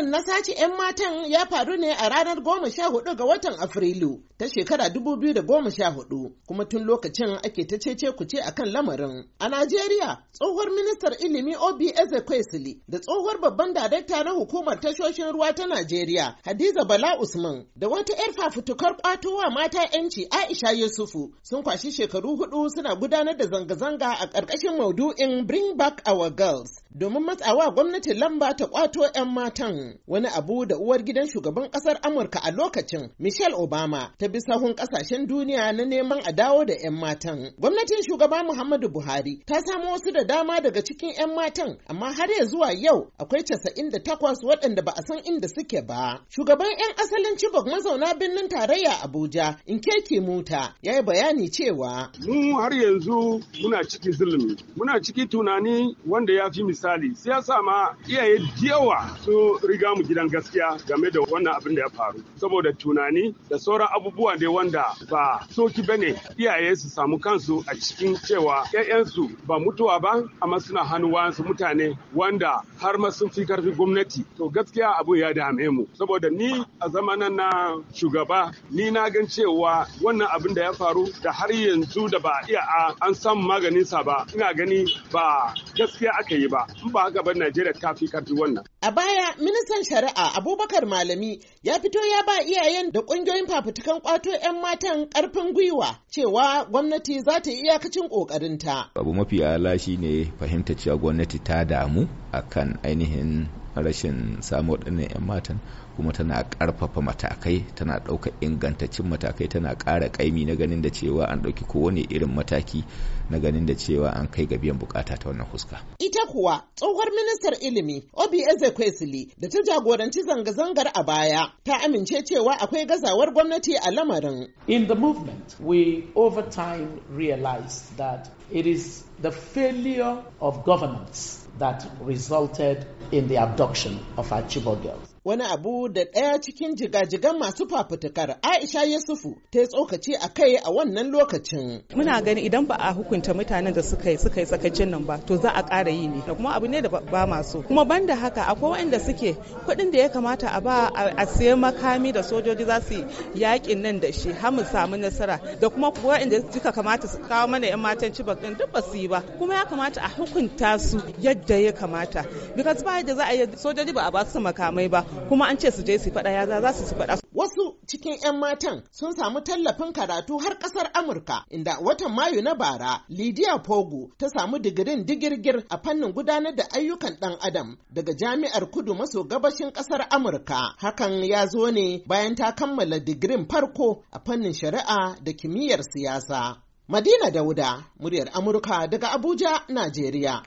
Lamarin na sace 'yan matan ya faru ne a ranar goma sha hudu ga watan Afrilu ta shekara dubu biyu da goma sha hudu kuma tun lokacin ake ta cece kuce a kan lamarin. A Najeriya tsohuwar ministar ilimi Obi Ezekwesili da tsohuwar babban darakta na hukumar tashoshin ruwa ta Najeriya Hadiza Bala Usman da wata 'yar fafutukar kwatowa mata 'yanci Aisha Yusufu sun kwashi shekaru hudu suna gudanar da zanga-zanga a ƙarƙashin maudu'in Bring Back Our Girls. domin matsawa gwamnatin lamba ta kwato 'yan matan wani abu da uwar gidan shugaban kasar amurka a lokacin michelle obama ta bi sahun kasashen duniya na neman a dawo da 'yan matan gwamnatin shugaba muhammadu buhari ta samo wasu da dama daga cikin 'yan matan amma har ya zuwa yau akwai casa'in da takwas waɗanda ba a san inda suke ba shugaban 'yan asalin chibok mazauna birnin tarayya abuja keke muta ya yi bayani cewa mu har yanzu muna ciki zulumi muna ciki tunani wanda ya fi misali siyasa ma iyaye yawa su riga mu gidan gaskiya game da wannan abin da ya faru saboda tunani da sauran abubuwa dai wanda ba soki bane iyaye su samu kansu a cikin cewa 'ya'yansu ba mutuwa ba amma suna hannu wasu mutane wanda har ma sun fi karfi gwamnati to gaskiya abu ya dame mu saboda ni a zamanan na shugaba ni na gan cewa wannan abin da ya faru da har yanzu da ba iya an samu maganinsa ba ina gani ba gaskiya aka yi ba su ba haka ba Najeriya ta fi karfi wannan. A baya ministan shari'a Abubakar Malami ya fito ya ba iyayen da kungiyoyin fafutukan kwato 'yan matan karfin gwiwa cewa gwamnati za ta yi iyakacin kokarinta. Abu mafi ala shine fahimta cewa gwamnati ta damu akan ainihin rashin samu waɗannan 'yan matan kuma tana ƙarfafa matakai tana ɗauka ingantaccen matakai tana ƙara ƙaimi na ganin da cewa an ɗauki kowane irin mataki na ganin da cewa an kai ga biyan bukata ta wannan huska. Ita kuwa tsohuwar ministar ilimi Obi Ezekwesili da ta jagoranci zanga-zangar a baya ta amince cewa akwai gazawar gwamnati a lamarin. In the movement, we over time realized that it is the failure of governance that resulted in the abduction of our Chibok girls. Wani abu da ɗaya cikin jigajigan masu fafutukar Aisha Yusufu ta tsokace a kai a wannan lokacin. Muna gani idan ba a hukunta mutanen da suka yi suka yi sakacin nan ba to za a ƙara yi ne kuma abu ne da ba masu. Kuma banda haka akwai waɗanda suke kuɗin da ya kamata a ba a siyan makami da sojoji za su yaƙin nan da shi har mu samu nasara da kuma waɗanda suka kamata su kawo mana 'yan matan ci bakin duk ba su yi ba kuma ya kamata a hukunta su yadda ya kamata. Because ba yadda za a yi sojoji ba a ba su makamai ba kuma an ce su je su faɗa ya za su su faɗa. Wasu cikin 'yan matan sun samu tallafin karatu har ƙasar Amurka inda watan Mayu na bara Lidiya Pogo ta samu digirin digirgir a fannin gudanar da ayyukan ɗan adam daga jami'ar kudu maso gabashin ƙasar Amurka. Hakan ya zo ne bayan ta kammala digirin farko a fannin shari'a da kimiyyar siyasa. Madina Dauda, muryar Amurka daga Abuja, Najeriya.